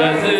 does it.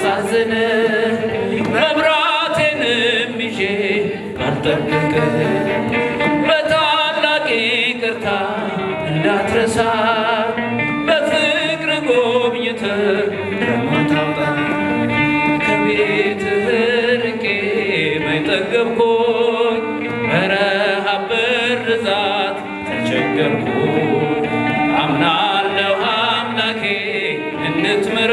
ሳሳዝን መብራቴንም ይዤ አልጠንቀቅ በታላቅ ይቅርታ እንዳትረሳ በፍቅር ጎብኝተ ማታውጣ ከቤትህ ርቄ መይጠገብኩኝ በረሃብ ብርዛት ተቸገርኩ አምናለሁ አምላኬ እንድትምረ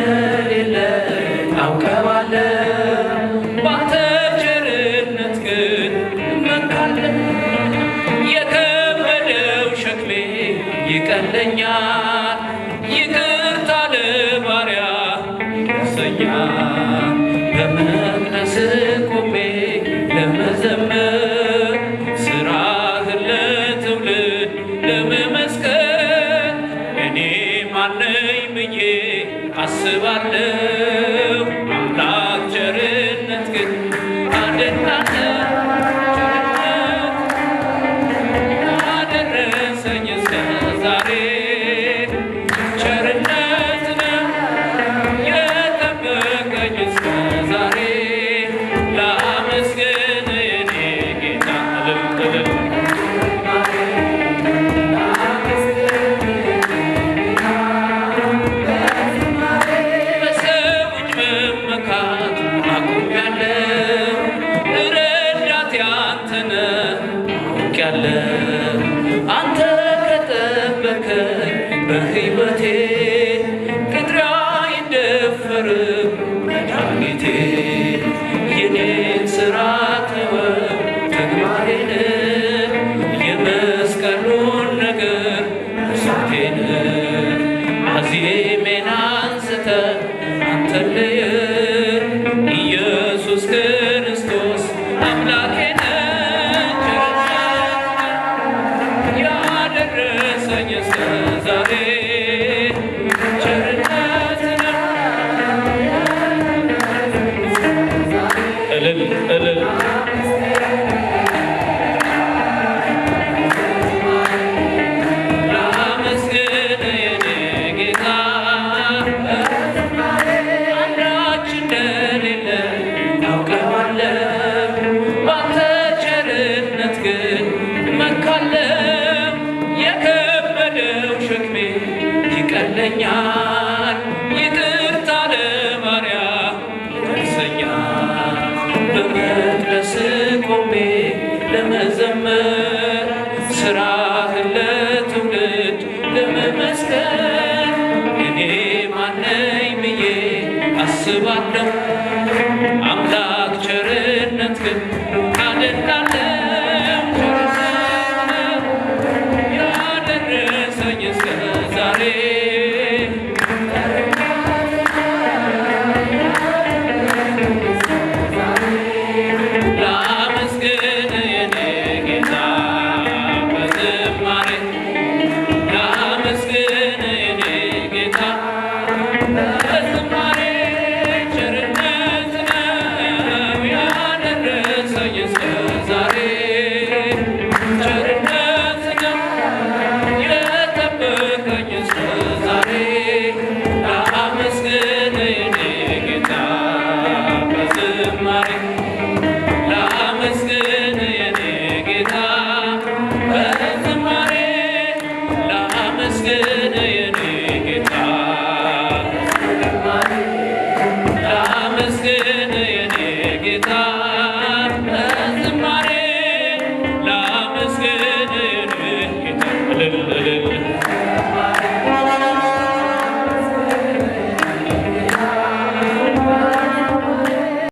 እንደሌለ አውቀዋለሁ። ባንተ ቸርነት ግን እመካለሁ። የከበደው ሸክሜ ይቀለኛል። ያለው አንተ ከጠበከ በህይወቴ ቅጥሬ አይደፈርም መድኃኒቴ የኔን ስራ ተወ ተግባሬን የመስቀሉን ነገር እሳቴን አዜሜን አንስተ አንተለየ Казани አስባለሁ አምላክ ቸርነት ግን